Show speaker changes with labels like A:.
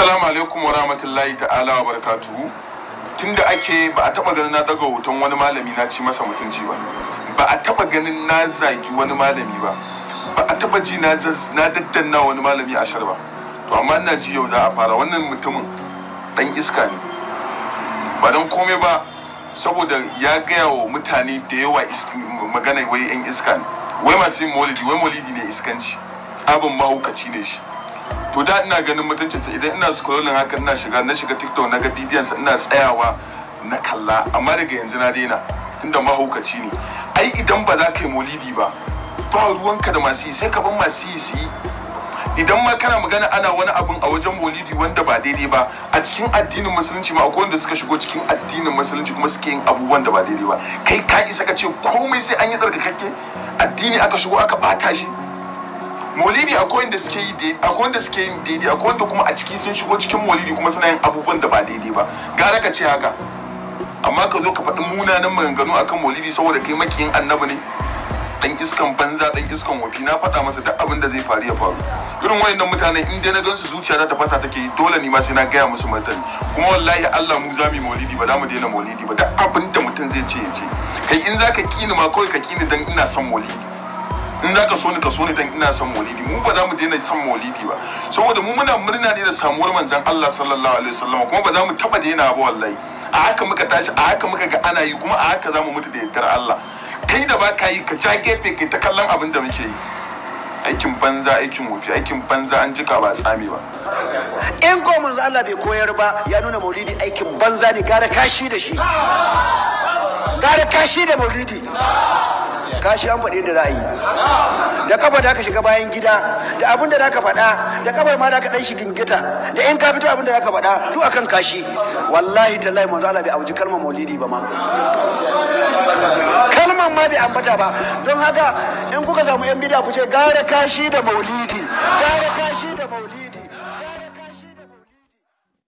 A: Assalamu alaikum wa rahmatullahi ta'ala wa barakatuhu. Tun ake ba a taba ganin na ɗaga hoton wani malami na ci masa mutunci ba. Ba a taɓa ganin na zagi wani malami ba. Ba a taɓa ji na daddanna wani malami a ba. To amma ina ji yau za a fara wannan mutumin dan iska ne. Ba don komai ba saboda ya gaya wa mutane da yawa magana wai 'yan iska ne. Wai masu yin wai maulidi ne iskanci. Tsabin mahukaci ne shi. to da ina ganin mutuncinsa idan ina scrolling haka ina shiga na shiga tiktok na ga bidiyonsa ina tsayawa na kalla amma daga yanzu na daina tunda mahaukaci ne ai idan ba za ka yi molidi ba ba ruwanka da masu yi sai ka bar masu yi su yi idan ma kana magana ana wani abun a wajen molidi wanda ba daidai ba a cikin addinin musulunci ma akwai wanda suka shigo cikin addinin musulunci kuma suke yin abubuwan da ba daidai ba kai ka isa ka ce komai sai an yi tsarkakakke addini aka shigo aka bata shi maulidi akwai wanda suke yi akwai wanda suke yin daidai akwai wanda kuma a ciki sun shigo cikin maulidi kuma suna yin abubuwan da ba daidai ba gara ka ce haka amma ka zo ka faɗi munanan maganganu akan maulidi saboda kai makiyin annabi ne dan iskan banza dan iskan wafi na faɗa masa duk abin da zai faru ya faru irin wayannan mutanen in dai na gansu zuciya ta tafasa take dole ni ma sai na gaya musu martani kuma wallahi Allah mu zami maulidi ba za mu daina maulidi ba duk abin da mutum zai ce ya ce kai in zaka kini ma kawai ka kini dan ina son maulidi in za ka so ni ka so ni dan ina son maulidi mu ba za mu daina son maulidi ba saboda mu muna murna ne da samuwar manzon Allah sallallahu alaihi wasallam kuma ba za mu taba daina ba wallahi a haka muka tashi a haka muka ga ana yi kuma a haka za mu mutu da yardar Allah kai da ba ka yi ka ja gefe kai ta kallon abin da muke yi aikin banza aikin wofi aikin banza an jika ba tsami ba
B: in ko manzo Allah bai koyar ba ya nuna maulidi aikin banza ne gara kashi da shi gara kashi da maulidi ka shi an faɗi da ra'ayi da kafa da ka shiga bayan gida da abin da ka faɗa da kafar ma da ka dan shi gingita da in ka fito abin da zaka faɗa duk akan kashi wallahi tallahi manzo Allah bai auji kalmar maulidi ba ma kalmar ma bai ambata ba don haka in kuka samu yan bid'a ku ce gare kashi da maulidi gare kashi da maulidi